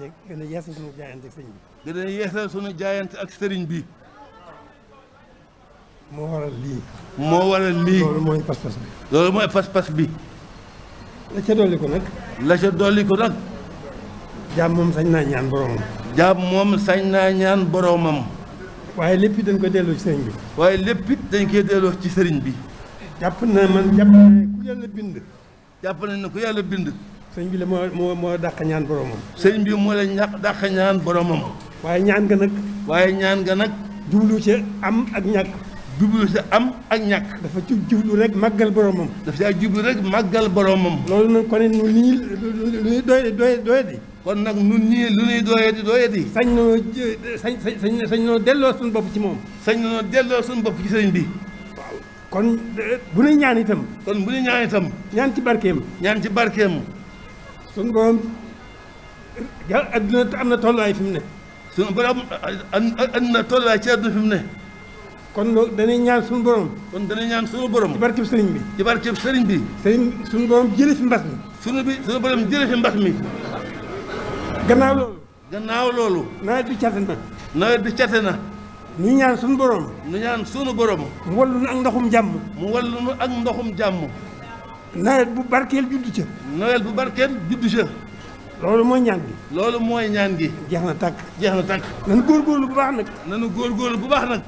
gën a yeesal sunu jaayante ak sëriñ bi. gën a yeesal sunu ak sëriñ bi. moo waral lii. moo waral lii. loolu mooy pas-pas bi. loolu mooy pas-pas bi. la ca dolli ko nag. la ca dolli ko nag. jaam moom sañ naa ñaan boromam. jaam moom sañ naa ñaan boromam. waaye léppi dañ koy delloo ci sëriñ bi. waaye lépp dañ koy delloo ci sëriñ bi. jàpp na man jàpp na ku yàlla bind. jàpp nañ ne ku yàlla bind. sëñ bi la moo moo moo dàq ñaan boromam. sëñ bi moo la ñàq dàq ñaan boromam. waaye ñaan nga nag. waaye ñaan nga nag. jublu si am ak ñàkk. jublu ci am ak ñàkk. dafa ci jublu rek màggal boromam. dafa caa jublu rek màggal boromam. loolu nag kon ni nii lu ñuy doy doy doy kon nag nun ñii lu ñuy dooyati dooyati. sañ noo sañ sañ sañ noo delloo suñu bopp ci moom. sañ noo delloo suñu bopp ci sëriñ bi. waaw kon eh, bu nuy ñaan itam. kon bu nuy ñaan itam. ñaan ci barkeem. suñu borom ja adduna am na tolluwaay fi mu ne. suñu borom am na tolluwaay ci adduna fi ne. kon loolu dañuy ñaan suñu borom. kon dañuy ñaan suñu borom. ci barkeb sëriñ bi. ci barkeb sëriñ bi. sëriñ suñu borom jëlee fi mbas mi. suñu bi suñu borom jëlee fi mbas mi. gannaaw loolu. gannaaw loolu. naa bi cate na. nawet bi cate na. ñu ñaan suñu borom. ñu ñaan suñu borom. mu wallu nu ak ndoxum jàmm. mu wallu nu ak ndoxum jàmm. nawet bu barkeel juddu ca. nawet bu barkeel juddu ca. loolu mooy ñaan gi. loolu mooy ñaan gi. jeex na tàkk. jeex na tàkk. nanu góor bu baax nag. nanu góorgóorlu bu baax nag.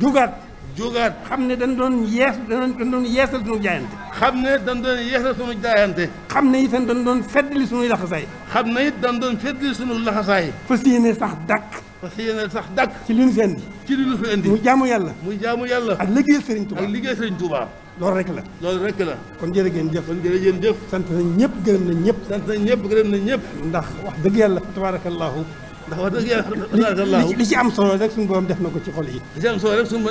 jógaat. jógaat xam ne dañ doon yees dañ doon yeesal suñu jaayante. xam ne dañ doon yeesal suñu jaayante. xam ne itam dañ doon feddali suñuy laxasaay. xam ne it dañ doon feddali suñu laxasaay. fas yéene sax dàkk. fas yéene sax dàkk. ci li ñu fi indi. ci li ñu fi indi. muy jaamu yàlla. muy jaamu yàlla. ak liggéey Sëriñ Tuubaa ak liggéey Sëriñ Tuubaa. loolu rek la. loolu rek la. kon jërë ngeen jëf. kon jërë ngeen jëf. sant nañ ñëpp gërëm nañ ñëpp. sant ñëpp gërëm nañ ñëpp. ndax wax dëgg yàlla tabaarakallaahu ndax wax dëgg yàlla li ci am solo rek suñu borom def na ko ci xol yi. li ci am solo rek suñu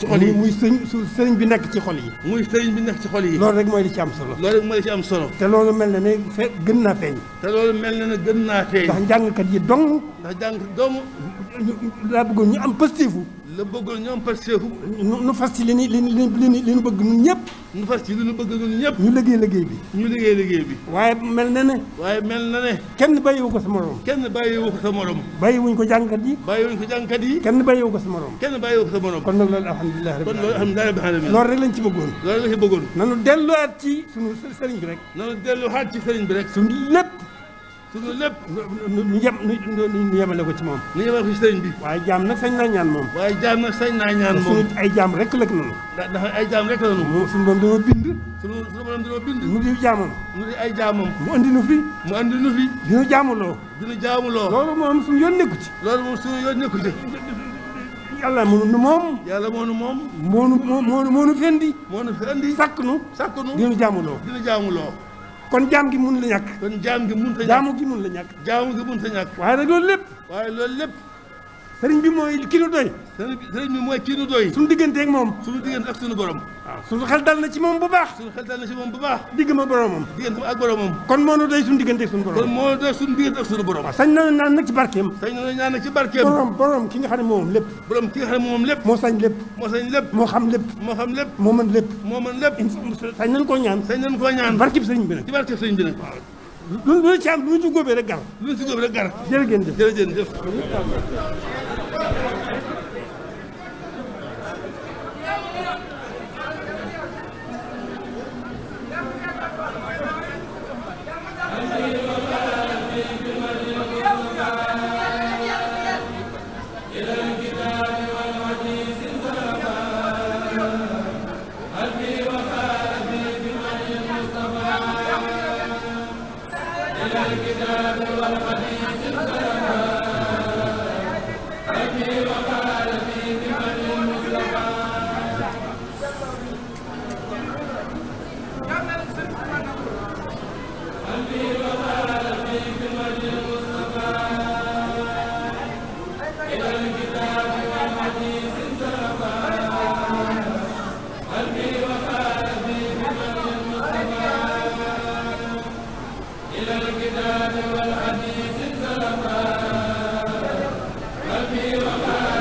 ci xol yi. muy sëñ sëriñ bi nekk ci xol yi. muy sëriñ bi nekk ci xol yi. loolu rek mooy li ci am solo. loolu rek mooy li ci am solo. te loolu mel na ne fe gën naa feeñ. te loolu mel na ne gën naa feeñ. ndax njàngkat yi dong. ndax njàngkat dong. laa bëggoon ñu am positif la bëggoon ñoom parce que. nu fas ci li nu bëgg ñun ñëpp. ñu liggéey liggéey bi. ñu liggéey liggéey bi. waaye mel na ne. waaye mel na ne. kenn bàyyiwu ko sa morom. kenn bàyyiwu ko sa morom. bàyyiwuñ ko jàngkat yi. bàyyiwuñ ko jàngkat yi. kenn bàyyiwu ko sa morom. kenn bàyyiwu ko sa morom. kon nag loolu alhamdulilah rabbil alamin. loolu rek lañ ci bëggoon. loolu rek lañ ci bëggoon. nanu delluwaat ci sunu sëriñ bi rek. nanu delluwaat ci sëriñ bi rek. te loolu lépp. nu yem nu ko ci moom. nu yemale ko ci sëriñ bi. waaye jaam na sañ naa ñaan moom. waaye jaam nag sañ naa ñaan moom. ay jaam rek la noonu. dafa ay jaam rek la noonu. suñu doom dañoo bind. suñu suñu borom dañoo bind. mu di jaamam. mu di ay jaamam. mu andi nu fi. mu andi nu fi. dina jaamuloo. dina jaamuloo. loolu moom suñu yoon nekku ci. loolu moom suñu yoon nekku ci. yàlla nu moom. yàlla mënu moom. moonu moonu moonu fendi. moonu fendi. sakk nu. sakk nu dina jaamuloo. dina jaamuloo. kon jaam gi mun la ñàkk. kon jaam gi mun la ñàkk jaamu gi mun la ñàkk. jaamu gi mun la ñàkk. waaye nag loolu lépp. waaye loolu lépp. sëriñ bi mooy kii nu doy sëriñ bi moom suñu diggante ak suñu borom waaw suñu xel dal na ci moom bu baax suñu xel dal na ci moom bu baax digg ma boromam diggante na ci barkeem sañ na ci barkeem borom borom nga xam moom lépp borom ki nga xam ne moom lépp moo sañ lépp moo sañ lépp moo xam lépp koo ñaan sañ nañ bi nag ci barkeb sëriñ gar الكتاب والحديث السلام قلبي وقلبي الكتاب والحديث الزلفاء قلبي وقلبي